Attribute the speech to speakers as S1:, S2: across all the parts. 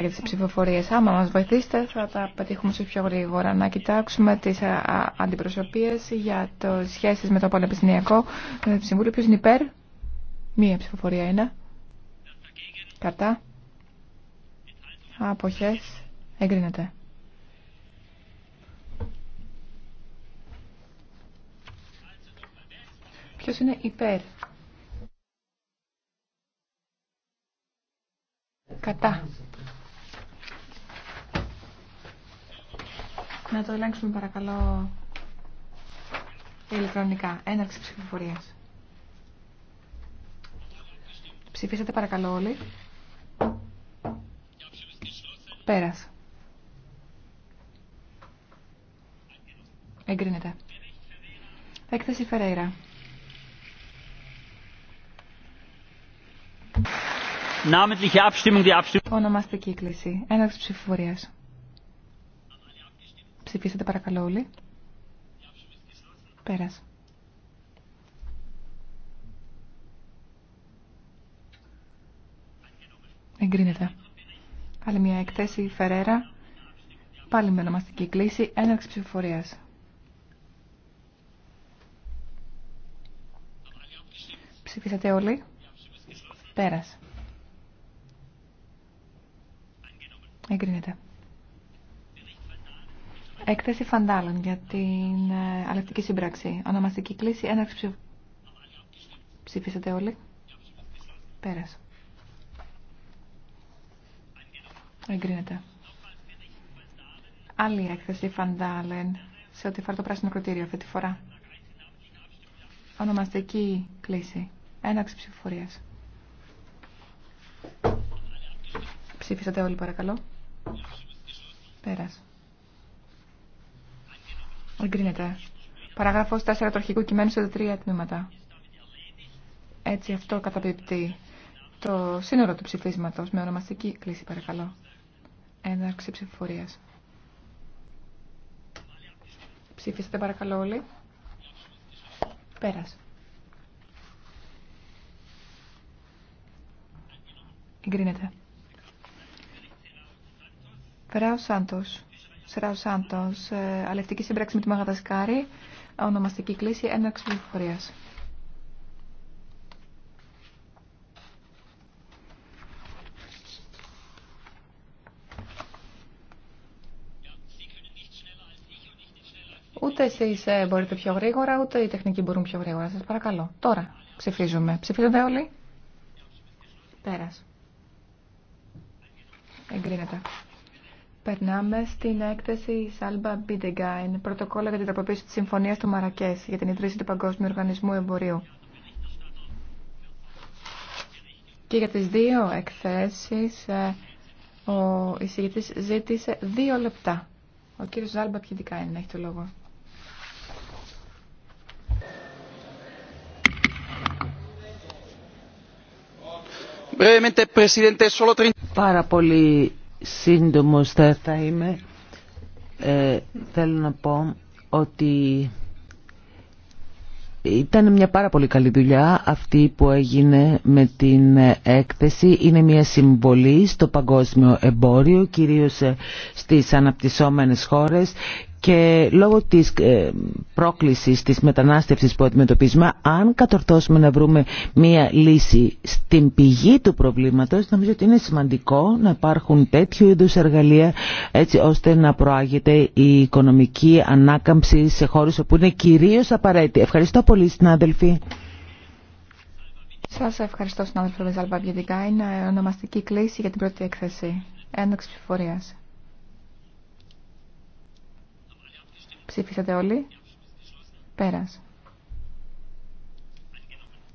S1: για τις ψηφοφορίες. Άμα μας βοηθήσετε θα τα πετύχουμε σε πιο γρήγορα. Να κοιτάξουμε τις αντιπροσωπίες για το σχέσεις με το Πανεπιστημιακό Συμβούλιο. Ποιος είναι υπέρ. Μία ψηφοφορία είναι. Κατά. Αποχές. Εγκρίνεται. Ποιος είναι υπέρ. Κατά. Να το ελέγξουμε παρακαλώ ηλεκτρονικά. Έναρξη ψηφοφορίας. Ψηφίσατε παρακαλώ όλοι. Πέρας. Εγκρίνεται. Έκθεση Φερέιρα. Ονομαστική κλίση. Έναρξη ψηφοφορίας. Ψηφίσατε παρακαλώ όλοι. Πέρας. Εγκρίνεται. Άλλη μια εκθέση Φερέρα. Πάλι με ονομαστική κλίση. Έναρξη ψηφοφορία. Ψηφίσατε όλοι. Πέρας. Εγκρίνεται. Έκθεση Φαντάλων για την ε, αλευτική σύμπραξη. Ονομαστική κλίση, έναρξη ψηφίσατε όλοι. Πέρασε. Εγκρίνεται. Άλλη έκθεση Φαντάλεν σε ό,τι αφορά το πράσινο κροτήριο αυτή τη φορά. Ονομαστική κλίση. Έναρξη ψηφοφορία. Ψήφισατε όλοι παρακαλώ. Πέρασε. Εγκρίνεται. Παραγράφος 4 του αρχικού κειμένου σε τρία τμήματα. Έτσι αυτό καταπιπτεί το σύνολο του ψηφίσματος με ονομαστική κλίση παρακαλώ. Έναρξη ψηφοφορίας. Ψήφιστε παρακαλώ όλοι. Πέρας. Εγκρίνεται. Περάω Σάντος. Σεράου Σάντο, ε, αλευτική σύμπραξη με τη Μαγαδασκάρη, ονομαστική κλίση, έναρξη πληροφορία. Ούτε εσεί ε, μπορείτε πιο γρήγορα, ούτε οι τεχνικοί μπορούν πιο γρήγορα. Σα παρακαλώ. Τώρα ψηφίζουμε. Ψηφίζονται όλοι. Πέρας. Εγκρίνεται. Περνάμε στην έκθεση Σάλμπα Μπιντεγκάιν, πρωτοκόλλα για την τροποποίηση τη Συμφωνία του Μαρακέ για την ιδρύση του Παγκόσμιου Οργανισμού Εμπορίου. Και για τι δύο εκθέσει ε, ο εισηγητή ζήτησε δύο λεπτά. Ο κύριος Ζάλμπα Μπιντεγκάιν έχει το λόγο.
S2: Πάρα πολύ σύντομος θα, είμαι. Ε, θέλω να πω ότι ήταν μια πάρα πολύ καλή δουλειά αυτή που έγινε με την έκθεση. Είναι μια συμβολή στο παγκόσμιο εμπόριο, κυρίως στις αναπτυσσόμενες χώρες και λόγω της ε, πρόκλησης της μετανάστευσης που αντιμετωπίζουμε αν κατορθώσουμε να βρούμε μία λύση στην πηγή του προβλήματος νομίζω ότι είναι σημαντικό να υπάρχουν τέτοιου είδους εργαλεία έτσι ώστε να προάγεται η οικονομική ανάκαμψη σε χώρους όπου είναι κυρίως απαραίτητη. Ευχαριστώ πολύ συνάδελφοι.
S1: Σας ευχαριστώ συνάδελφοι, είναι ονομαστική κλίση για την πρώτη έκθεση. τη ψηφοφορία. Ψήφισατε όλοι. Πέρας.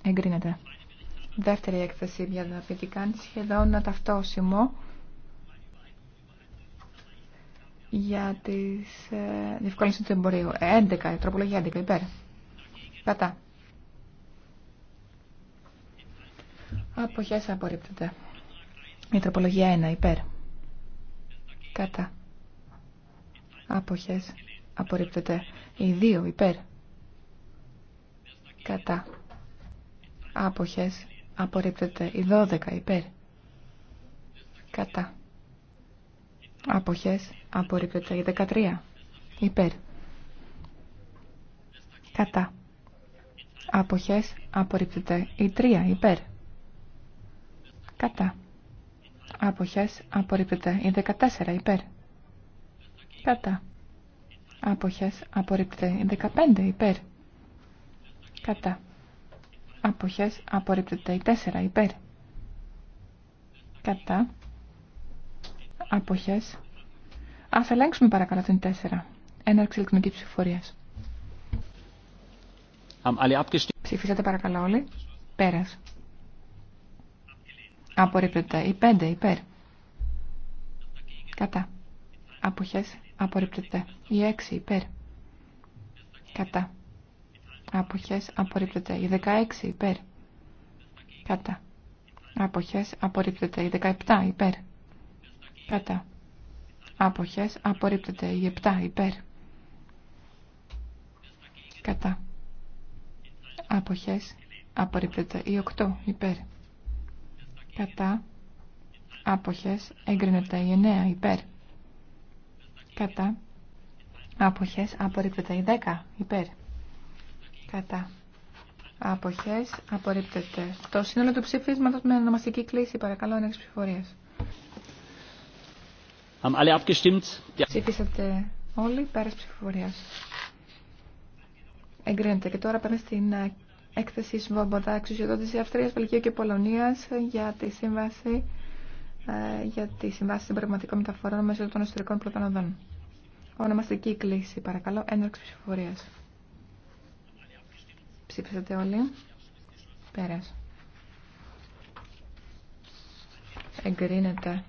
S1: Εγκρίνεται. Δεύτερη έκθεση για τα παιδικά σχεδόν ταυτόσιμο για τις ε, διευκόλυνση του εμπορίου. 11, τροπολογία 11, υπέρ. Κατά. Αποχές απορρίπτεται. Η τροπολογία 1, υπέρ. Κατά. Αποχές απορρίπτεται. Οι 2 υπέρ. Κατά. Άποχες απορρίπτεται. Οι 12 υπέρ. Κατά. Άποχες απορρίπτεται. η 13 υπέρ. Κατά. Άποχες απορρίπτεται. Η 3 υπέρ. Κατά. Άποχες απορρίπτεται. Η 14 υπέρ. Κατά. Αποχές απορρίπτεται. 15 υπέρ. Κατά. Αποχές απορρίπτεται. 4 υπέρ. Κατά. Αποχές. Ας ελέγξουμε παρακαλώ την 4. Έναρξη ηλεκτρονική ψηφορία. Ψηφίσατε παρακαλώ όλοι. Πέρας. Απορρίπτεται. Η 5 υπέρ. Κατά. Αποχές απορρίπτεται. Η 6 υπέρ. Κατά. Αποχές απορρίπτεται. Η 16 υπέρ. Κατά. Αποχές απορρίπτεται. Η 17 υπέρ. Κατά. Αποχές απορρίπτεται. Η 7 υπέρ. Κατά. Αποχές απορρίπτεται. Η 8 υπέρ. Κατά. Άποχες εγκρίνεται η 9 υπέρ κατά αποχές απορρίπτεται η 10 υπέρ κατά αποχές απορρίπτεται το σύνολο του ψηφίσματος με ονομαστική κλίση παρακαλώ ένας ψηφορίας ψήφισατε όλοι πέρας ψηφοφορία. Εγκρίνετε. και τώρα πάμε στην ε, έκθεση Σβόμποντα εξουσιοδότηση Αυστρίας, Βελγίου και Πολωνίας για τη σύμβαση ε, για τη συμβάση των πραγματικών μεταφορών μέσω των εσωτερικών πλωτών Ονομαστική κλίση, παρακαλώ, έναρξη ψηφοφορία. Ψήφισατε όλοι. Πέρας. Εγκρίνεται.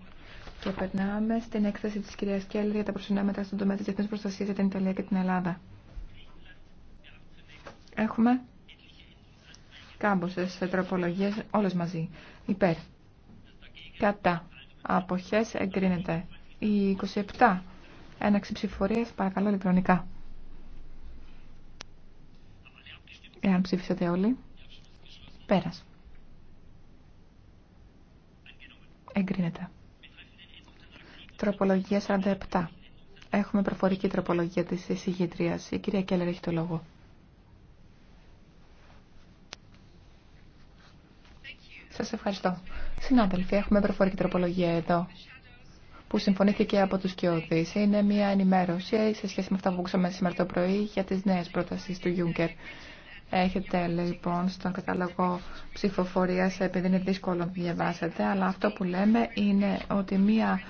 S1: Και περνάμε στην έκθεση της κυρίας Κέλλη για τα προσωρινά στον τομέα της διεθνής προστασίας για την Ιταλία και την Ελλάδα. Έχουμε κάμποσες τροπολογίες όλες μαζί. Υπέρ κατά αποχές εγκρίνεται. Η 27 έναξη ψηφορίας παρακαλώ ηλεκτρονικά. Εάν ψήφισατε όλοι. Πέρας. Εγκρίνεται. Τροπολογία 47. Έχουμε προφορική τροπολογία της εισηγήτριας. Η κυρία Κέλλερ έχει το λόγο. Σα ευχαριστώ. Συνάδελφοι, έχουμε προφορική τροπολογία εδώ που συμφωνήθηκε από του Κιώδη. Είναι μια ενημέρωση σε σχέση με αυτά που ακούσαμε σήμερα το πρωί για τι νέε προτάσει του Γιούγκερ. Έχετε λοιπόν στον καταλογό ψηφοφορία επειδή είναι δύσκολο να διαβάσετε, αλλά αυτό που λέμε είναι ότι μία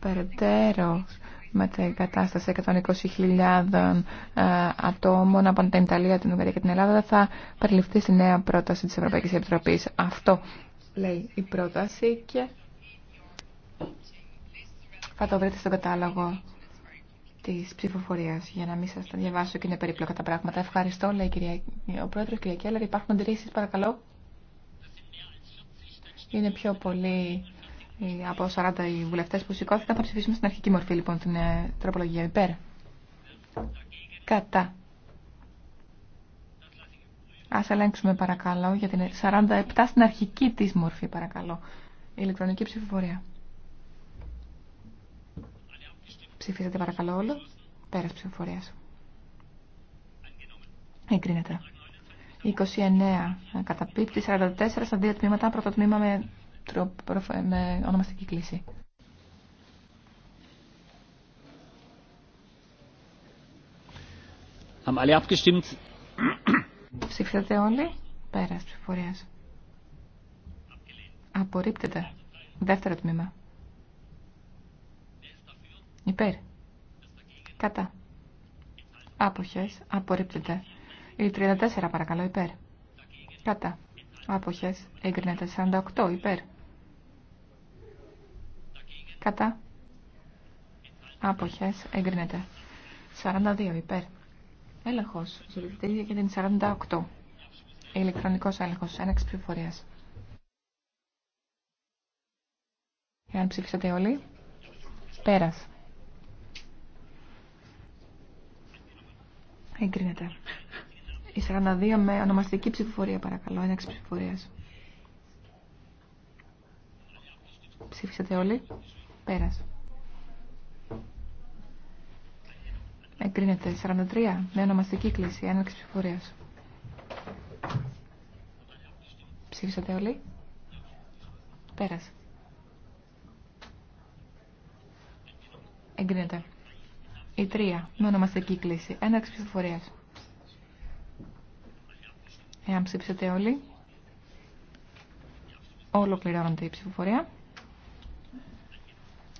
S1: περαιτέρω με την κατάσταση 120.000 ατόμων από την Ιταλία, την Ουγγαρία και την Ελλάδα θα περιληφθεί στη νέα πρόταση της Ευρωπαϊκής Επιτροπής. Αυτό λέει η πρόταση και θα το βρείτε στον κατάλογο τη ψηφοφορία για να μην σα τα διαβάσω και είναι περίπλοκα τα πράγματα. Ευχαριστώ, λέει κυρία, ο πρόεδρο, κυρία Κέλλερ. Υπάρχουν αντιρρήσει, παρακαλώ. Είναι πιο πολύ από 40 οι βουλευτέ που σηκώθηκαν. Θα ψηφίσουμε στην αρχική μορφή λοιπόν την ε, τροπολογία. Υπέρ. Κατά. Ας ελέγξουμε παρακαλώ για την 47 στην αρχική της μορφή παρακαλώ. Ηλεκτρονική ψηφοφορία. Ψηφίσατε παρακαλώ όλο. Πέρας ψηφοφορίας. Εγκρίνεται. 29 καταπίπτει, 44 στα δύο τμήματα, πρώτο τμήμα με, ονομαστική κλίση. Haben alle abgestimmt? Ψήφισατε όλοι. Πέρας ψηφορίας. Απορρίπτεται. Δεύτερο τμήμα. Υπέρ. Κατά. Άποχες. Απορρίπτεται. Η 34 παρακαλώ υπέρ. Κατά. Άποχες. Εγκρίνεται. 48 υπέρ. Κατά. Άποχες. Εγκρίνεται. 42 υπέρ. Έλεγχος. Ζητείτε για την 48. Ηλεκτρονικός έλεγχος. Έναξη ψηφοφορίας. Εάν ψήφισατε όλοι. Πέρας. Εγκρίνεται. Η 42 με ονομαστική ψηφοφορία παρακαλώ. Έναξη ψηφοφορίας. Ψήφισατε όλοι. Πέρας. Εγκρίνεται. 43. Με ονομαστική κλίση. Έναρξη ψηφοφορία. Ψήφισατε όλοι. Πέρασε. Εγκρίνεται. Η 3. Με ονομαστική κλίση. Έναρξη ψηφοφορία. Εάν ψήφισατε όλοι. ολοκληρώνονται η ψηφοφορία.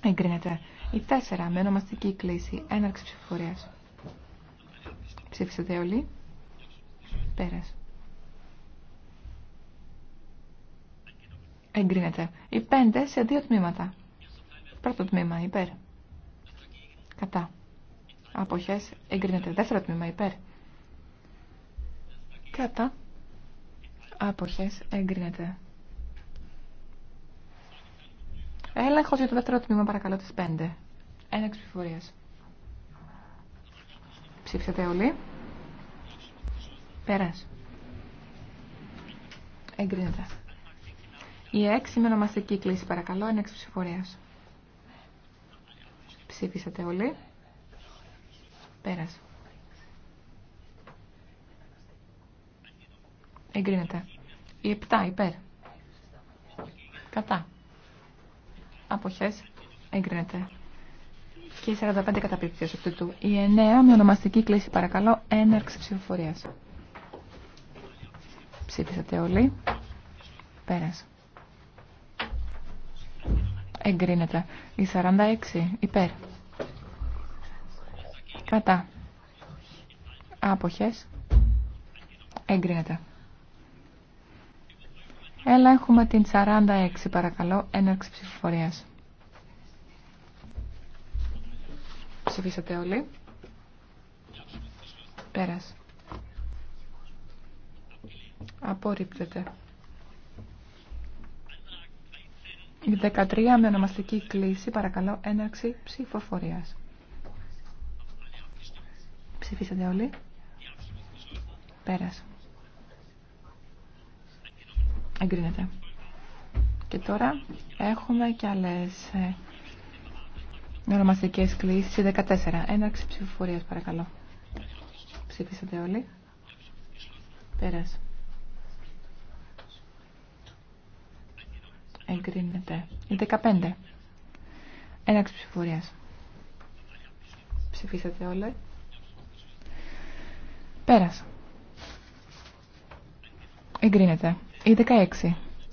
S1: Εγκρίνεται. Η τέσσερα με ονομαστική κλίση. Έναρξη ψηφοφορία. Ψήφισατε όλοι. Πέρας. Εγκρίνεται. Η 5 σε δύο τμήματα. Πρώτο τμήμα υπέρ. Κατά. Αποχέ. εγκρίνεται. Δεύτερο τμήμα υπέρ. Κατά. Αποχέ εγκρίνεται. Έλεγχο για το δεύτερο τμήμα, παρακαλώ, τη 5. Ένα ψηφοφορία. Ψήφισατε όλοι. Πέρασε. Εγκρίνεται. Η 6 με ονομαστική κλίση, παρακαλώ, Ένα ψηφοφορία. Ψήφισατε όλοι. Πέρασε. Εγκρίνεται. Η 7 υπέρ. Κατά αποχές εγκρίνεται. Και 45 καταπίπτει αυτού του. Η 9 με ονομαστική κλίση παρακαλώ έναρξη ψηφοφορίας. Ψήφισατε όλοι. Πέρασε. Εγκρίνεται. Η 46 υπέρ. Κατά. Άποχες. Εγκρίνεται. Έλα, έχουμε την 46 παρακαλώ, έναρξη ψηφοφορίας. Ψηφίσατε όλοι. Πέρας. Απορρίπτεται. 13 με ονομαστική κλίση, παρακαλώ, έναρξη ψηφοφορίας. Ψηφίσατε όλοι. Πέρας. Εγκρίνεται. Και τώρα έχουμε και άλλες ε, ονομαστικές κλήσεις. 14. Έναρξη ψηφοφορίας παρακαλώ. Ψήφισατε όλοι. Πέρας. Εγκρίνεται. Η 15. Έναρξη ψηφοφορίας. Ψηφίσατε όλοι. Πέρας. Εγκρίνεται. Η 16.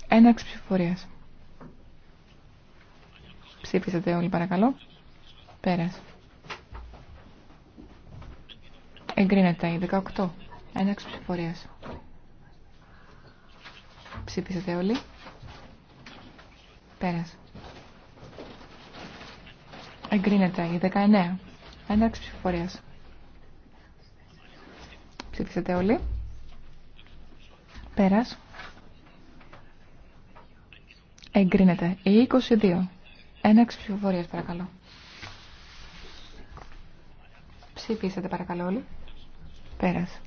S1: Έναρξη ψηφοφορία. Ψήφισατε όλοι παρακαλώ. Πέρας. Εγκρίνεται η 18. Έναρξη ψηφοφορία. Ψήφισατε όλοι. Πέρας. Εγκρίνεται η 19. Έναρξη ψηφοφορία. Ψήφισατε όλοι. Πέρας. Εγκρίνεται. Η 22. Έναξη ψηφοφορία, παρακαλώ. Ψηφίσατε παρακαλώ όλοι. Πέρας.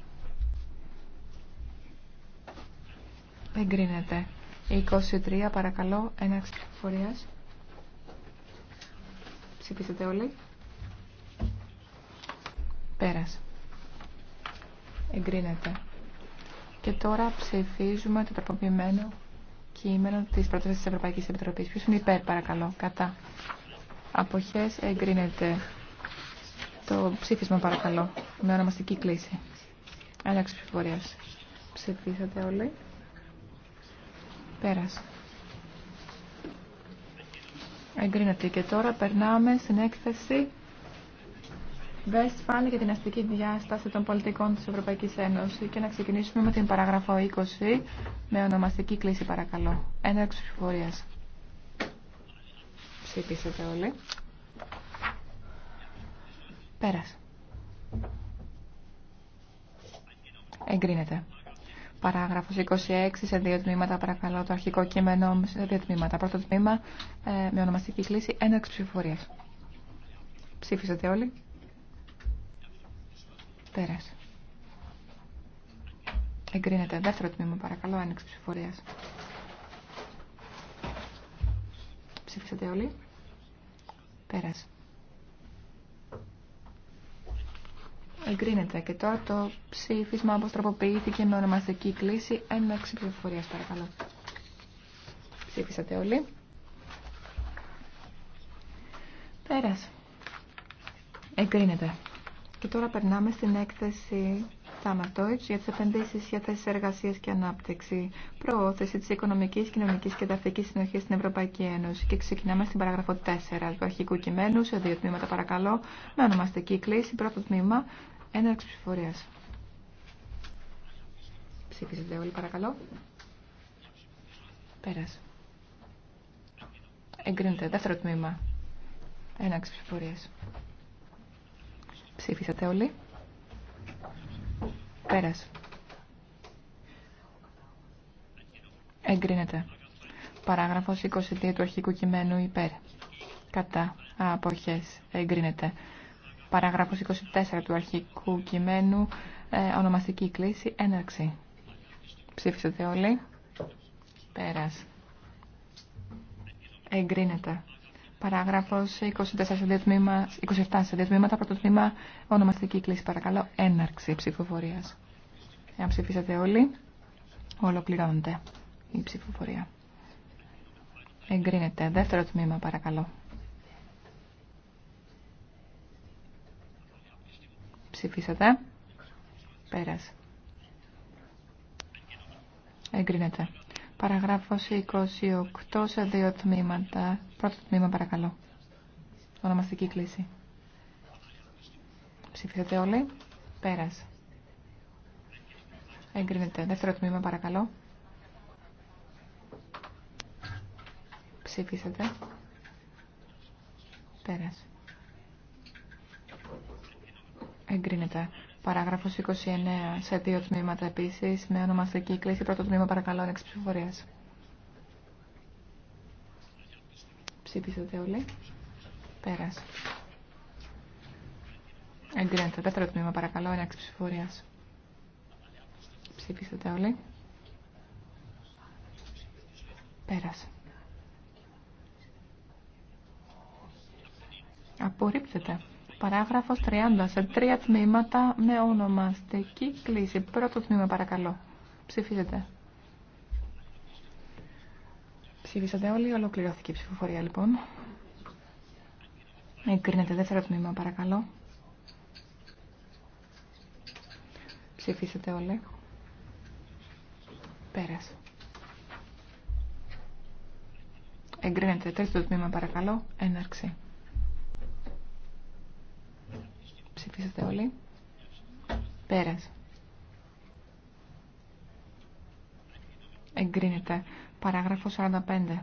S1: Εγκρίνεται. Η 23 παρακαλώ ένα ψηφοφορία. Ψηφίσατε όλοι. Πέρας. Εγκρίνεται. Και τώρα ψηφίζουμε το τροποποιημένο κείμενο τη πρόταση τη Ευρωπαϊκή Επιτροπή. Ποιο είναι υπέρ, παρακαλώ. Κατά. Αποχές εγκρίνεται το ψήφισμα, παρακαλώ. Με ονομαστική κλίση. Άλλαξη ψηφοφορία. Ψηφίσατε όλοι. Πέρασε. Εγκρίνεται. Και τώρα περνάμε στην έκθεση Westphal για την αστική διάσταση των πολιτικών της Ευρωπαϊκής Ένωσης και να ξεκινήσουμε με την παράγραφο 20 με ονομαστική κλίση παρακαλώ. Ένα ψηφοφορίας. Ψήφισετε όλοι. Πέρασε. Εγκρίνεται. Παράγραφος 26 σε δύο τμήματα παρακαλώ το αρχικό κείμενο σε δύο τμήματα. Πρώτο τμήμα ε, με ονομαστική κλίση ένα ψηφοφορίας. Ψήφισατε όλοι. Πέρας. Εγκρίνεται. Δεύτερο τμήμα, παρακαλώ, άνοιξη ψηφορία. Ψήφισατε όλοι. Πέρας. Εγκρίνεται. Και τώρα το ψήφισμα όπω τροποποιήθηκε με ονομαστική κλίση έναρξη ψηφοφορίας, παρακαλώ. Ψήφισατε όλοι. Πέρας. Εγκρίνεται. Και τώρα περνάμε στην έκθεση Τάματόιτς για τι επενδύσει για θέσει εργασία και ανάπτυξη. Προώθηση τη οικονομική, κοινωνική και ταυτική συνοχή στην Ευρωπαϊκή Ένωση. Και ξεκινάμε στην παράγραφο 4 του αρχικού κειμένου, σε δύο τμήματα παρακαλώ, με ονομαστική κλίση. Πρώτο τμήμα, έναρξη ψηφορία. Ψήφισετε όλοι παρακαλώ. Πέρασε. Εγκρίνεται. Δεύτερο τμήμα. Έναρξη ψηφορία. Ψήφισατε όλοι. Πέρας. Εγκρίνεται. Παράγραφος 22 του αρχικού κειμένου υπέρ. Κατά. Αποχές. Εγκρίνεται. Παράγραφος 24 του αρχικού κειμένου ε, ονομαστική κλίση έναρξη. Ψήφισατε όλοι. Πέρας. Εγκρίνεται. Παράγραφος 24 σε 27 σε δύο τμήματα, πρώτο τμήμα, ονομαστική κλίση παρακαλώ, έναρξη ψηφοφορίας. Εάν ψηφίσατε όλοι, ολοκληρώνεται η ψηφοφορία. Εγκρίνεται. Δεύτερο τμήμα παρακαλώ. Ψηφίσατε. Πέρασε. Εγκρίνεται. Παραγράφος 28 σε δύο τμήματα. Πρώτο τμήμα παρακαλώ. Ονομαστική κλίση. Ψηφίσατε όλοι. Πέρας. Εγκρίνεται. Δεύτερο τμήμα παρακαλώ. Ψηφίσατε. Πέρας. Εγκρίνεται. Παράγραφος 29 σε δύο τμήματα επίσης με ονομαστική κλίση. Πρώτο τμήμα παρακαλώ ανεξιψηφορίας. Ψήφισατε όλοι. Πέρασε. Εγκρίνεται. Δεύτερο τμήμα, παρακαλώ, Ένα ψηφορία. Ψήφισατε όλοι. Πέρασε. Απορρίπτεται. Παράγραφος 30. Σε τρία τμήματα με ονομαστική κλίση. Πρώτο τμήμα, παρακαλώ. Ψήφισετε. Ψήφισατε όλοι, ολοκληρώθηκε η ψηφοφορία λοιπόν. Εγκρίνεται δεύτερο τμήμα, παρακαλώ. Ψηφίσατε όλοι. Πέρασε. Εγκρίνεται τρίτο τμήμα, παρακαλώ. Έναρξη. Ψηφίσατε όλοι. Πέρασε. Εγκρίνεται Παράγραφο 45.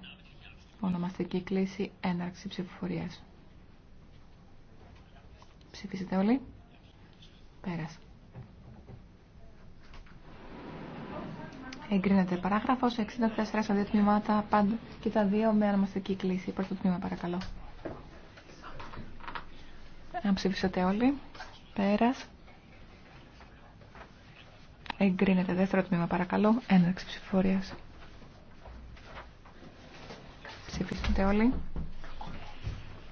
S1: Ονομαστική κλίση έναρξη ψηφοφορία. Ψηφίσετε όλοι. Πέρας. Εγκρίνεται παράγραφο 64 σε δύο τμήματα πάντα και τα δύο με ονομαστική κλίση. Πρώτο τμήμα παρακαλώ. Αν ψηφίσατε όλοι. Πέρας. Εγκρίνεται δεύτερο τμήμα παρακαλώ. Έναρξη ψηφοφορίας. Ψηφίσατε όλοι.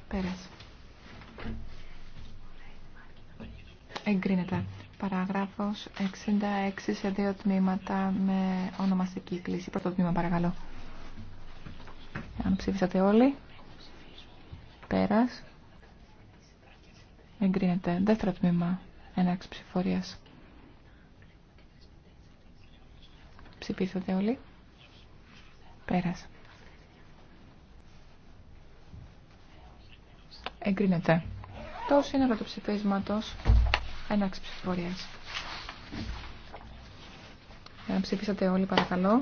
S1: Πέρασε. Εγκρίνεται. Παράγραφος 66 σε δύο τμήματα με ονομαστική κλίση. Πρώτο τμήμα παρακαλώ. Αν ψήφισατε όλοι. Πέρας. Εγκρίνεται. Δεύτερο τμήμα. Έναρξη ψηφορίας. Ψηφίσατε όλοι. Πέρας. Εγκρίνεται. Το σύνολο του ψηφίσματος έναξη ψηφοφορίας. Να ψηφίσατε όλοι παρακαλώ.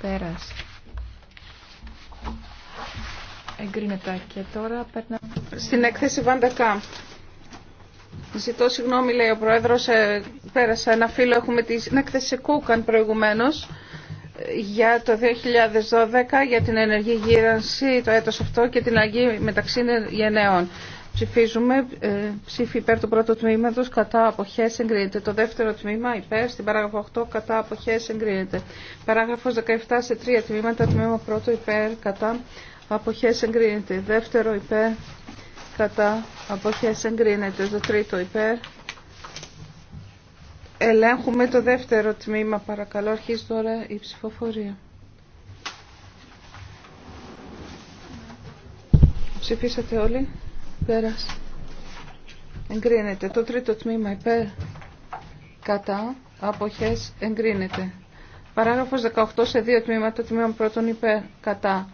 S1: Πέρας. Εγκρίνεται. Και τώρα περνάμε... Στην έκθεση βάντακα.
S2: Ζητώ συγγνώμη, λέει ο Πρόεδρος, ε, πέρασα ένα φίλο, έχουμε την έκθεση Κούκαν προηγουμένως για το 2012 για την ενεργή γύρανση το έτος αυτό και την αλλαγή μεταξύ γενναίων. Ψηφίζουμε ε, ψήφι υπέρ του πρώτου τμήματος κατά αποχές εγκρίνεται. Το δεύτερο τμήμα υπέρ στην παράγραφο 8 κατά αποχές εγκρίνεται. Παράγραφος 17 σε τρία τμήματα. Τμήμα πρώτο υπέρ κατά αποχές εγκρίνεται. Δεύτερο υπέρ κατά αποχές εγκρίνεται. Το τρίτο υπέρ Ελέγχουμε το δεύτερο τμήμα, παρακαλώ. Αρχίζει τώρα η ψηφοφορία. Ψηφίσατε όλοι. Πέρασε. Εγκρίνεται. Το τρίτο τμήμα υπέρ. Κατά. Αποχές. Εγκρίνεται. Παράγραφος 18 σε δύο τμήματα. Το τμήμα πρώτον υπέρ. Κατά.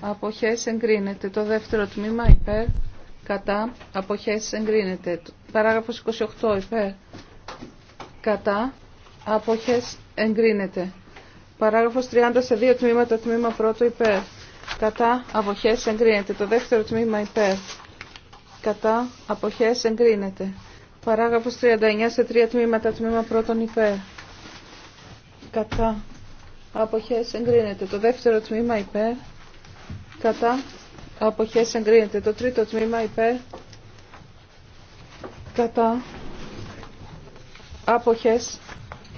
S2: Αποχές. Εγκρίνεται. Το δεύτερο τμήμα υπέρ. Κατά. Αποχές. Εγκρίνεται. Παράγραφος 28 υπέρ κατά, άποχες, εγκρίνεται. Παράγραφος 30 σε δύο τμήματα, τμήμα πρώτο υπέρ. Κατά, αποχές, εγκρίνεται. Το δεύτερο τμήμα υπέρ. Κατά, αποχές, εγκρίνεται. Παράγραφος 39 σε τρία τμήματα, τμήμα πρώτον υπέρ. Κατά, αποχές, εγκρίνεται. Το δεύτερο τμήμα υπέρ. Κατά, αποχές, εγκρίνεται. Το τρίτο τμήμα υπέρ. Κατά, Άποχες.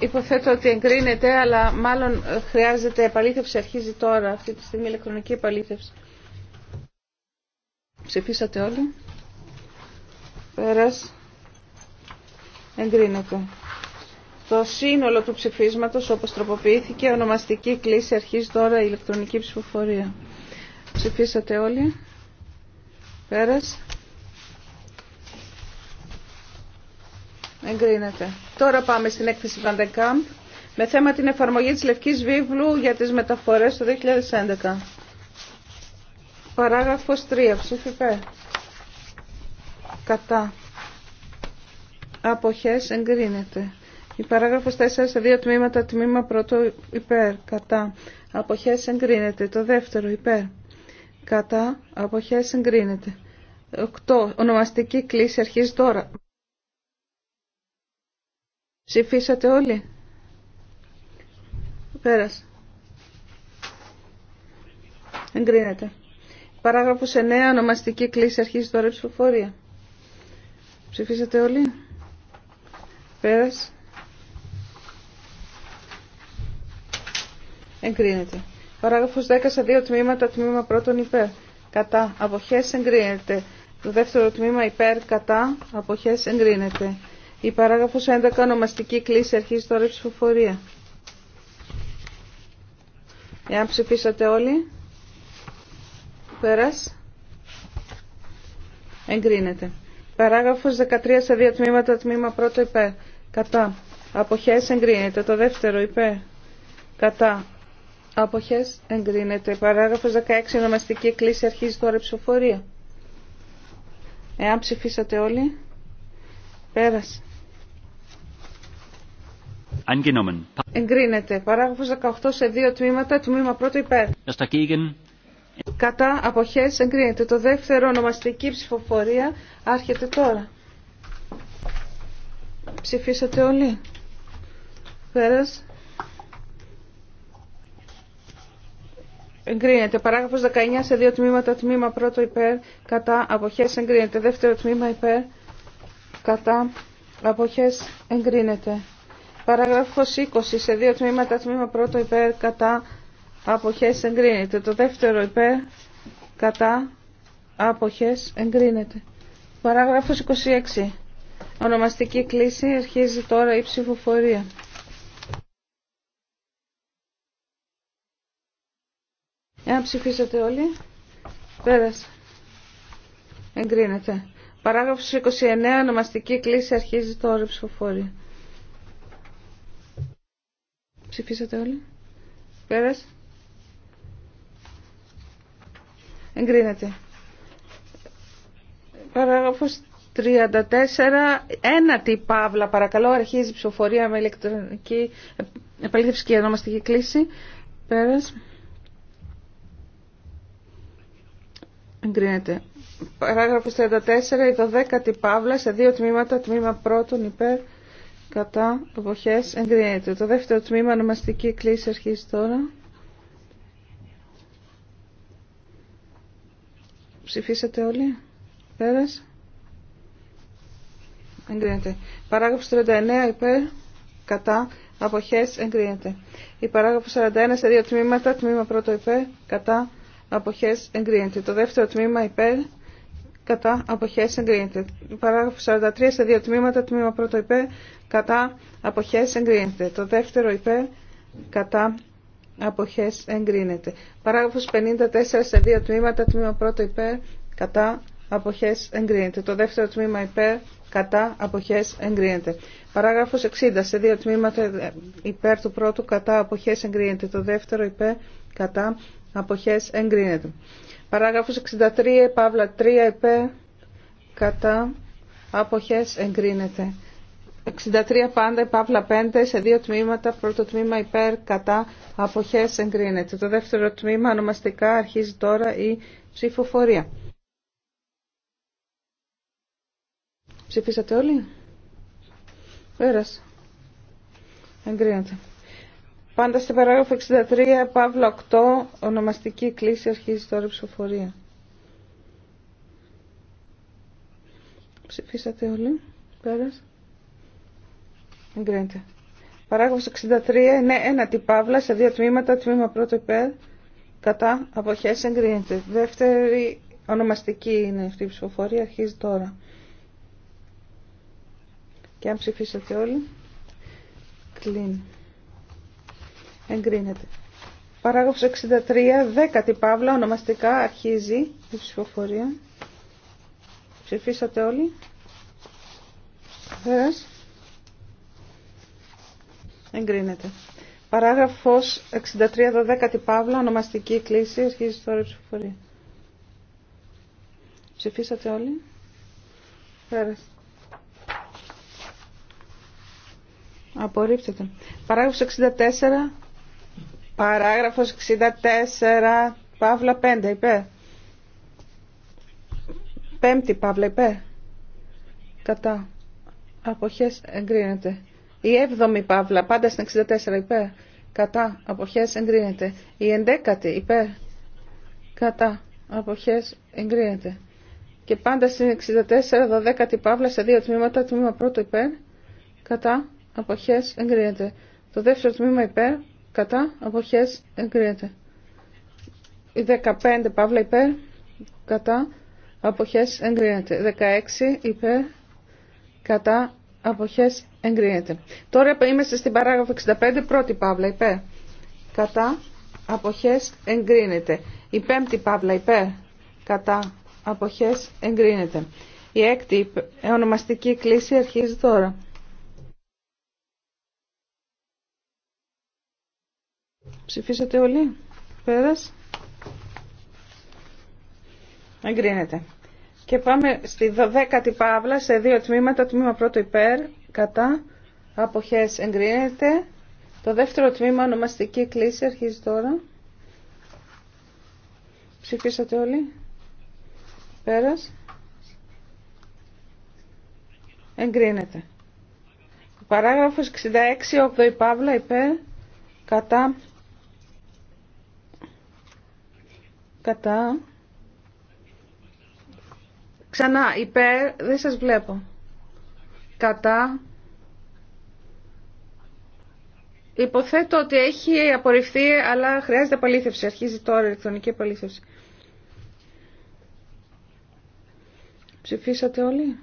S2: Υποθέτω ότι εγκρίνεται, αλλά μάλλον ε, χρειάζεται επαλήθευση. Αρχίζει τώρα αυτή τη στιγμή ηλεκτρονική επαλήθευση. Ψηφίσατε όλοι. Πέρας. Εγκρίνεται. Το σύνολο του ψηφίσματος όπως τροποποιήθηκε ονομαστική κλίση αρχίζει τώρα η ηλεκτρονική ψηφοφορία. Ψηφίσατε όλοι. Πέρας. Εγκρίνεται. Τώρα πάμε στην έκθεση Βαντεκάμπ με θέμα την εφαρμογή της Λευκής Βίβλου για τις μεταφορές το 2011. Παράγραφος 3. Ψήφι Κατά. Αποχές εγκρίνεται. Η παράγραφος 4 σε δύο τμήματα. Τμήμα πρώτο υπέρ. Κατά. Αποχές εγκρίνεται. Το δεύτερο υπέρ. Κατά. Αποχές εγκρίνεται. 8. Ονομαστική κλίση αρχίζει τώρα. Ψηφίσατε όλοι. Πέρασε. Εγκρίνεται. Παράγραφος 9. Ονομαστική κλίση αρχίζει τώρα η ψηφοφορία. Ψηφίσατε όλοι. Πέρασε. Εγκρίνεται. Παράγραφος 10 σε δύο τμήματα. Τμήμα πρώτον υπέρ. Κατά. Αποχές εγκρίνεται. Το δεύτερο τμήμα υπέρ. Κατά. Αποχές εγκρίνεται. Η παράγραφος 11 ονομαστική κλίση αρχίζει τώρα η ψηφοφορία. Εάν ψηφίσατε όλοι, πέρας, εγκρίνεται. Παράγραφος 13 σε δύο τμήματα, τμήμα πρώτο υπέ. κατά, αποχές εγκρίνεται, το δεύτερο υπέρ, κατά, αποχές εγκρίνεται. Παράγραφος 16 ονομαστική κλίση αρχίζει τώρα η ψηφοφορία. Εάν ψηφίσατε όλοι, πέρας, angenommen. Εγκρίνεται. Παράγραφος 18 σε δύο τμήματα. Τμήμα πρώτο υπέρ. Κατά αποχές εγκρίνεται. Το δεύτερο ονομαστική ψηφοφορία άρχεται τώρα. Ψηφίσατε όλοι. Πέρας. Εγκρίνεται. Παράγραφος 19 σε δύο τμήματα. Τμήμα πρώτο υπέρ. Κατά αποχές εγκρίνεται. Δεύτερο τμήμα υπέρ. Κατά αποχές εγκρίνεται. Παραγράφος 20 σε δύο τμήματα, τμήμα πρώτο υπέρ κατά αποχές εγκρίνεται. Το δεύτερο υπέρ κατά αποχές εγκρίνεται. Παράγραφος 26. Ονομαστική κλίση αρχίζει τώρα η ψηφοφορία. Εάν ψηφίσατε όλοι, πέρασε. Εγκρίνεται. Παράγραφος 29. Ονομαστική κλίση αρχίζει τώρα η ψηφοφορία. Ψηφίσατε όλοι. Πέρας. Εγκρίνεται. Παράγραφος 34. τι παύλα. Παρακαλώ αρχίζει η ψηφοφορία με ηλεκτρονική επαλήθευση και ονομαστική κλίση. Πέρας. Εγκρίνεται. Παράγραφος 34. Η 12η παύλα σε δύο τμήματα. Τμήμα πρώτον υπέρ κατά εποχές εγκρίνεται. Το δεύτερο τμήμα ονομαστική κλίση αρχίζει τώρα. Ψηφίσατε όλοι. Πέρας. Εγκρίνεται. Παράγραφος 39 υπέρ κατά αποχές εγκρίνεται. Η παράγραφος 41 σε δύο τμήματα, τμήμα πρώτο υπέρ κατά αποχές εγκρίνεται. Το δεύτερο τμήμα υπέρ κατά αποχές εγκρίνεται. Παράγραφος 43 σε δύο τμήματα, τμήμα πρώτο υπέρ, κατά αποχές εγκρίνεται. Το δεύτερο υπέ, κατά αποχέ εγκρίνεται. Παράγραφος 54 σε δύο τμήματα, τμήμα πρώτο υπέρ, κατά αποχές εγκρίνεται. Το δεύτερο τμήμα υπέρ, κατά αποχέ εγκρίνεται. Παράγραφος 60 σε δύο τμήματα υπέρ του πρώτου, κατά εγκρίνεται. Το δεύτερο υπέρ, κατά εγκρίνεται. Παράγραφος 63, Παύλα 3, υπέρ, κατά, αποχές, εγκρίνεται. 63 πάντα, Παύλα 5, σε δύο τμήματα, πρώτο τμήμα υπέρ, κατά, αποχές, εγκρίνεται. Το δεύτερο τμήμα, ονομαστικά, αρχίζει τώρα η ψηφοφορία. Ψηφίσατε όλοι. Πέρασε. Εγκρίνεται. Πάντα στην παράγραφο 63, Παύλο 8, ονομαστική κλίση αρχίζει τώρα η ψηφοφορία. Ψηφίσατε όλοι. Πέρας. Εγκρίνεται. Παράγραφος 63 είναι ένα τη Παύλα σε δύο τμήματα. Τμήμα πρώτο υπέρ. Κατά. Αποχές εγκρίνεται. Δεύτερη ονομαστική είναι αυτή η ψηφοφορία. Αρχίζει τώρα. Και αν ψηφίσατε όλοι. Κλείνει. Εγκρίνεται. Παράγραφος 63, δέκατη παύλα, ονομαστικά αρχίζει η ψηφοφορία. Ψηφίσατε όλοι. Πέρας. Εγκρίνεται. Παράγραφος 63, δωδέκατη παύλα, ονομαστική κλίση, αρχίζει τώρα η ψηφοφορία. Ψηφίσατε όλοι. Πέρας. Απορρίπτεται. Παράγραφος 64, Παράγραφος 64, Παύλα 5, υπέρ. Πέμπτη, Παύλα, ειπε Κατά. Αποχές εγκρίνεται. Η έβδομη, Παύλα, πάντα στην 64, είπε. Κατά. Αποχές εγκρίνεται. Η εντέκατη, είπε. Κατά. Αποχές εγκρίνεται. Και πάντα στην 64, 12η Παύλα, σε δύο τμήματα, τμήμα πρώτο υπέρ. Κατά. Αποχές εγκρίνεται. Το δεύτερο τμήμα υπέρ κατά αποχές εγκρίνεται. 15 παύλα υπέρ κατά αποχές εγκρίνεται. 16 υπέρ κατά αποχές εγκρίνεται. Τώρα είμαστε στην παράγραφο 65 πρώτη παύλα υπέρ κατά αποχές εγκρίνεται. Η πέμπτη παύλα υπέρ κατά αποχές εγκρίνεται. Η έκτη ονομαστική κλίση αρχίζει τώρα. Ψηφίσατε όλοι. Πέρας. Εγκρίνεται. Και πάμε στη 12η Παύλα σε δύο τμήματα. Τμήμα πρώτο υπέρ, κατά, αποχές εγκρίνεται. Το δεύτερο τμήμα, ονομαστική κλίση, αρχίζει τώρα. Ψηφίσατε όλοι. Πέρας. Εγκρίνεται. Παράγραφος 66, 8η Παύλα, υπέρ, κατά, κατά. Ξανά, υπέρ, δεν σας βλέπω. Κατά. Υποθέτω ότι έχει απορριφθεί, αλλά χρειάζεται απολύθευση. Αρχίζει τώρα η ηλεκτρονική απολύθευση. Ψηφίσατε όλοι.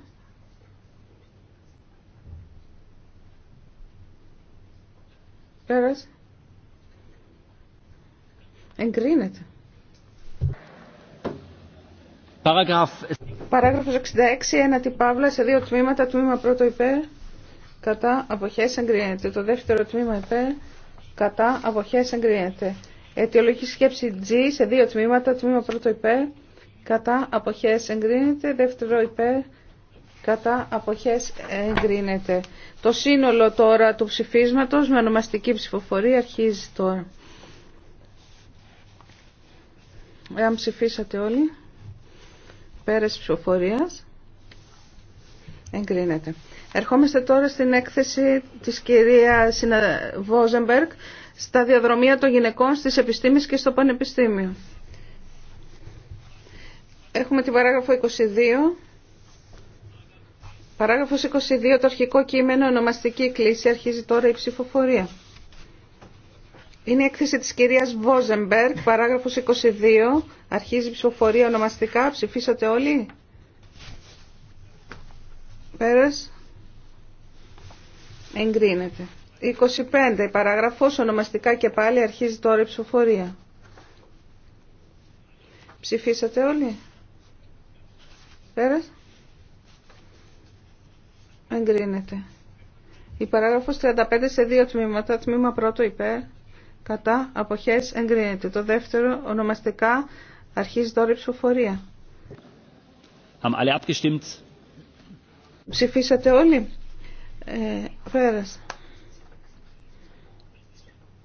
S2: Πέρασε. Εγκρίνεται. Παράγραφο 66, ένατη παύλα, σε δύο τμήματα, τμήμα πρώτο υπέρ, κατά αποχές εγκρίνεται. Το δεύτερο τμήμα υπέρ, κατά αποχές εγκρίνεται. Αιτιολογική σκέψη G σε δύο τμήματα, τμήμα πρώτο υπέρ, κατά αποχές εγκρίνεται, δεύτερο υπέρ, κατά αποχές εγκρίνεται. Το σύνολο τώρα του ψηφίσματο με ονομαστική ψηφοφορία αρχίζει τώρα. Εάν ψηφίσατε όλοι. Πέρας ψηφοφορίας. Εγκρίνεται. Ερχόμαστε τώρα στην έκθεση της κυρία Βόζεμπεργκ στα διαδρομία των γυναικών στις επιστήμες και στο πανεπιστήμιο. Έχουμε την παράγραφο 22. Παράγραφος 22, το αρχικό κείμενο ονομαστική κλίση, αρχίζει τώρα η ψηφοφορία. Είναι η έκθεση της κυρίας Βόζεμπεργκ, παράγραφος 22. Αρχίζει η ψηφοφορία ονομαστικά. Ψηφίσατε όλοι. Πέρας. Εγκρίνεται. 25. παράγραφος ονομαστικά και πάλι αρχίζει τώρα η ψηφοφορία. Ψηφίσατε όλοι. Πέρας. Εγκρίνεται. Η παράγραφος 35 σε δύο τμήματα. Τμήμα πρώτο υπέρ κατά αποχές εγκρίνεται. Το δεύτερο ονομαστικά αρχίζει τώρα η ψηφοφορία. Ψηφίσατε όλοι. Ε, πέρασε.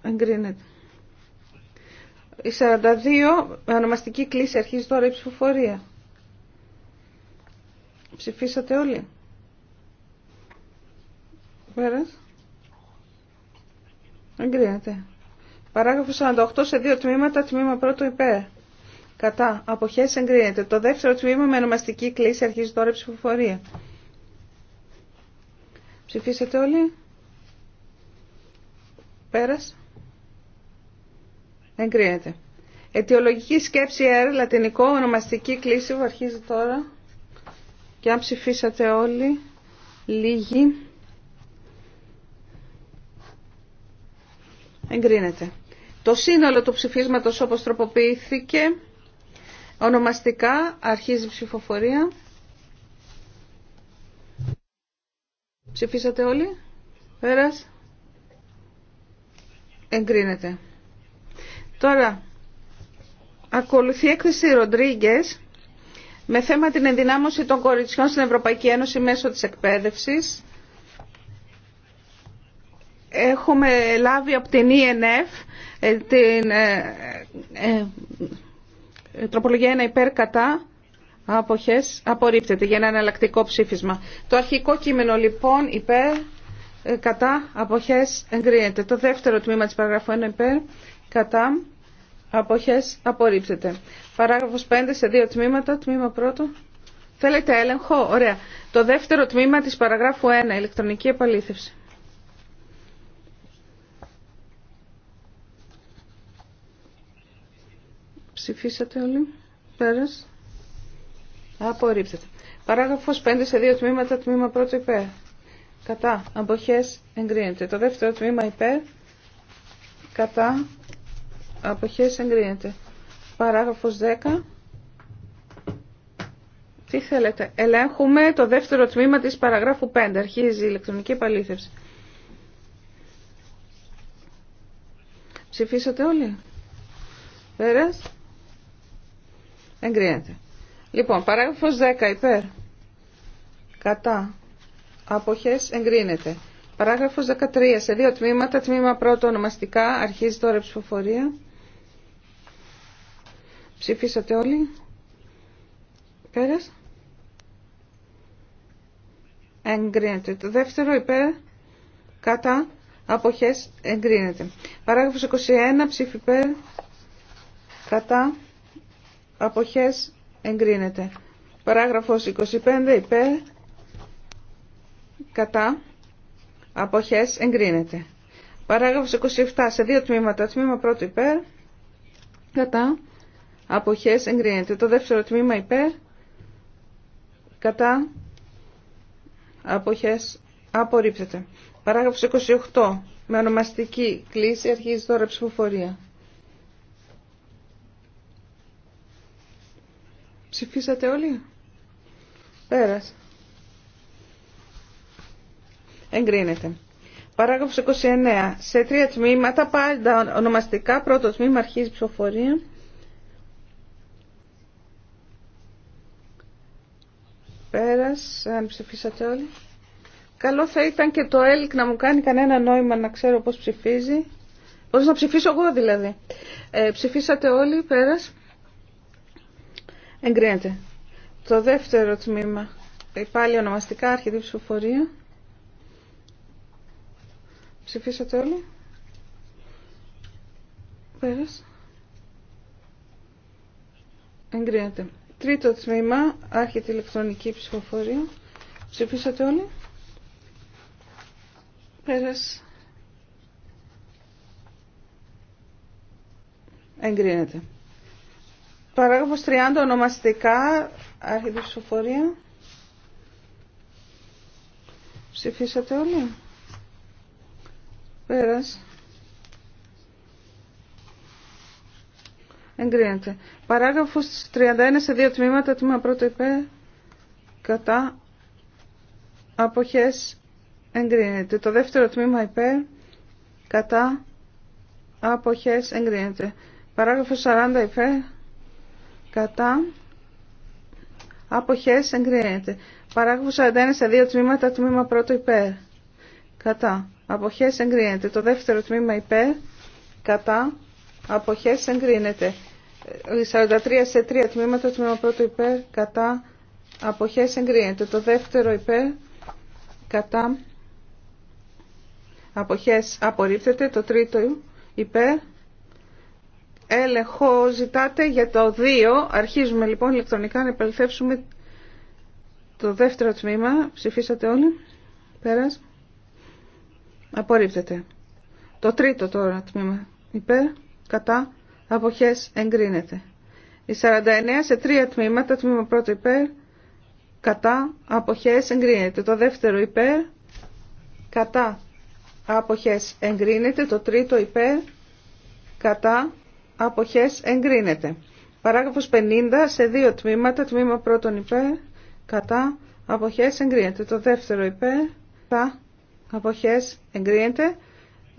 S2: Εγκρίνεται. Η 42 με ονομαστική κλίση αρχίζει τώρα η ψηφοφορία. Ψηφίσατε όλοι. Πέρασε. Εγκρίνεται. Παράγραφο 48 σε δύο τμήματα, τμήμα πρώτο υπέρ. Κατά. Αποχές εγκρίνεται. Το δεύτερο τμήμα με ονομαστική κλίση αρχίζει τώρα η ψηφοφορία. Ψηφίσατε όλοι. Πέρας. Εγκρίνεται. Αιτιολογική σκέψη R, λατινικό, ονομαστική κλίση που αρχίζει τώρα. Και αν ψηφίσατε όλοι, λίγοι. Εγκρίνεται. Το σύνολο του ψηφίσματος όπως τροποποιήθηκε ονομαστικά αρχίζει ψηφοφορία. Ψηφίσατε όλοι. Πέρας. Εγκρίνεται. Τώρα, ακολουθεί έκθεση Ροντρίγκε με θέμα την ενδυνάμωση των κοριτσιών στην Ευρωπαϊκή Ένωση μέσω της εκπαίδευσης έχουμε λάβει από την e ΕΝΕΦ την ε, ε, ε, τροπολογία 1 υπέρ κατά αποχές απορρίπτεται για ένα εναλλακτικό ψήφισμα. Το αρχικό κείμενο λοιπόν υπέρ κατά αποχές εγκρίνεται. Το δεύτερο τμήμα της παραγραφού 1 υπέρ κατά αποχές απορρίπτεται. Παράγραφος 5 σε δύο τμήματα. Τμήμα πρώτο. Θέλετε έλεγχο. Ωραία. Το δεύτερο τμήμα της παραγράφου 1 ηλεκτρονική επαλήθευση. Ψηφίσατε όλοι. Πέρας. Απορρίπτεται. Παράγραφος 5 σε δύο τμήματα. Τμήμα πρώτο υπέρ. Κατά. Αποχές εγκρίνεται. Το δεύτερο τμήμα υπέρ. Κατά. Αποχές εγκρίνεται. Παράγραφος 10. Τι θέλετε. Ελέγχουμε το δεύτερο τμήμα της παραγράφου 5. Αρχίζει η ηλεκτρονική επαλήθευση. Ψηφίσατε όλοι. Πέρας. Εγκρίνεται. Λοιπόν, παράγραφος 10 υπέρ. Κατά. Αποχές εγκρίνεται. Παράγραφος 13 σε δύο τμήματα. Τμήμα πρώτο ονομαστικά. Αρχίζει τώρα η ψηφοφορία. Ψηφίσατε όλοι. Πέρας. Εγκρίνεται. Το δεύτερο υπέρ. Κατά. Αποχές εγκρίνεται. Παράγραφος 21 ψήφι υπέρ. Κατά αποχές εγκρίνεται. Παράγραφος 25 υπέρ κατά αποχές εγκρίνεται. Παράγραφος 27 σε δύο τμήματα. Τμήμα πρώτο υπέρ κατά αποχές εγκρίνεται. Το δεύτερο τμήμα υπέρ κατά αποχές απορρίπτεται. Παράγραφος 28 με ονομαστική κλίση αρχίζει τώρα ψηφοφορία. Ψηφίσατε όλοι. Πέρας. Εγκρίνεται. Παράγραφος 29. Σε τρία τμήματα πάντα ονομαστικά. Πρώτο τμήμα αρχίζει ψηφοφορία. Πέρας. Αν ψηφίσατε όλοι. Καλό θα ήταν και το ΕΛΚ να μου κάνει κανένα νόημα να ξέρω πώς ψηφίζει. Πώς να ψηφίσω εγώ δηλαδή. Ε, ψηφίσατε όλοι, πέρας. Εγκρίνεται. Το δεύτερο τμήμα. Πάλι ονομαστικά αρχιτή ψηφοφορία. Ψηφίσατε όλοι. Πέρας. Εγκρίνεται. Τρίτο τμήμα. Άρχεται ηλεκτρονική ψηφοφορία. Ψηφίσατε όλοι. Πέρας. Εγκρίνεται. Παράγραφος 30 ονομαστικά, αρχιδή ψηφοφορία. Ψηφίσατε όλοι. Πέρας. Εγκρίνεται. Παράγραφος 31 σε δύο τμήματα, τμήμα πρώτο υπέρ, κατά, αποχές, εγκρίνεται. Το δεύτερο τμήμα υπέρ, κατά, αποχές, εγκρίνεται. Παράγραφος 40 υπέ κατά αποχές εγκρίνεται. Παράγουσα 41 σε δύο τμήματα, τμήμα πρώτο υπέρ. Κατά. Αποχές εγκρίνεται. Το δεύτερο τμήμα υπέρ. Κατά. Αποχές εγκρίνεται. 43 ε, σε τρία τμήματα, τμήμα πρώτο υπέρ. Κατά. Αποχές εγκρίνεται. Το δεύτερο υπέρ. Κατά. Αποχές απορρίπτεται. Το τρίτο υπέρ έλεγχο ζητάτε για το 2. Αρχίζουμε λοιπόν ηλεκτρονικά να επαληθεύσουμε το δεύτερο τμήμα. Ψηφίσατε όλοι. Πέρας. Απορρίπτεται. Το τρίτο τώρα τμήμα. Υπέρ, κατά, αποχές, εγκρίνεται. Η 49 σε τρία τμήματα, τμήμα πρώτο υπέρ, κατά, αποχές, εγκρίνεται. Το δεύτερο υπέρ, κατά, αποχές, εγκρίνεται. Το τρίτο υπέρ, κατά, αποχές εγκρίνεται. Παράγραφος 50 σε δύο τμήματα, τμήμα πρώτον υπέ, κατά, αποχές εγκρίνεται. Το δεύτερο υπε κατά, αποχές εγκρίνεται.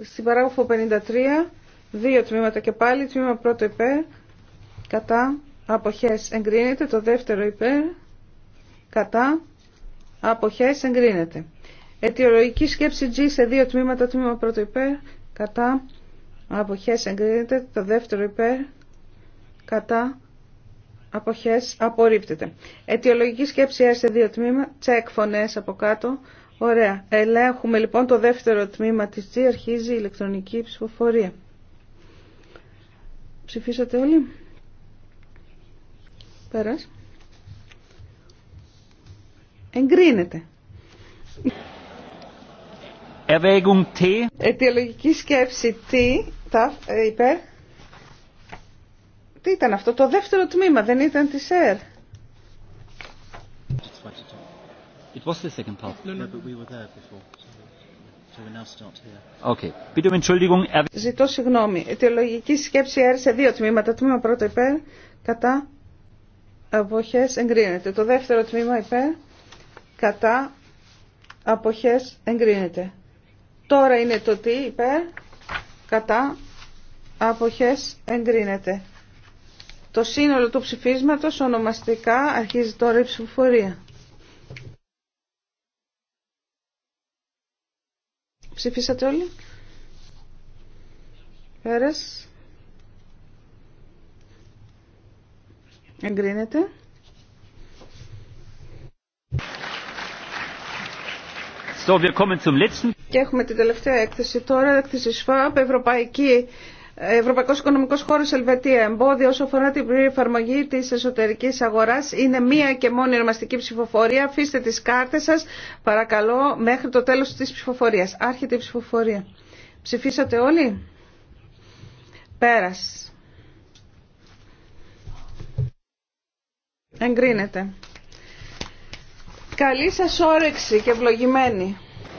S2: Στην παράγραφο 53, δύο τμήματα και πάλι, τμήμα πρώτο υπέ, κατά, αποχές εγκρίνεται. Το δεύτερο υπέρ, κατά, αποχές εγκρίνεται. Αιτιολογική σκέψη G σε δύο τμήματα, τμήμα πρώτο υπέρ, κατά, αποχές εγκρίνεται, το δεύτερο υπέρ, κατά, αποχές απορρίπτεται. Αιτιολογική σκέψη έρθει σε δύο τμήμα, τσεκ φωνές από κάτω. Ωραία. Ελέγχουμε λοιπόν το δεύτερο τμήμα της G, αρχίζει η ηλεκτρονική ψηφοφορία. Ψηφίσατε όλοι. Πέρας. Εγκρίνεται. Αιτιολογική σκέψη T ΤΑΦ ε, υπέρ. Τι ήταν αυτό, το δεύτερο τμήμα, δεν ήταν τη ΕΡ. It was Ζητώ συγγνώμη. Η σκέψη ΕΡ σε δύο τμήματα. Το τμήμα πρώτο υπέρ, κατά, αποχές, εγκρίνεται. Το δεύτερο τμήμα υπέρ, κατά, αποχές, εγκρίνεται. Τώρα είναι το τι υπέρ, κατά αποχές εγκρίνεται. Το σύνολο του ψηφίσματος ονομαστικά αρχίζει τώρα η ψηφοφορία. Ψηφίσατε όλοι. Πέρας. Εγκρίνεται.
S1: So, wir kommen zum letzten...
S2: Και έχουμε την τελευταία έκθεση τώρα, έκθεση ΣΦΑΠ, Ευρωπαϊκή Ευρωπαϊκός Οικονομικός Χώρος Ελβετία. Εμπόδιο όσο αφορά την πλήρη εφαρμογή της εσωτερικής αγοράς είναι μία και μόνη ερμαστική ψηφοφορία. Αφήστε τις κάρτες σας παρακαλώ μέχρι το τέλος της ψηφοφορίας. Άρχεται η ψηφοφορία. Ψηφίσατε όλοι. Πέρας. Εγκρίνεται. Καλή σας όρεξη και ευλογημένη.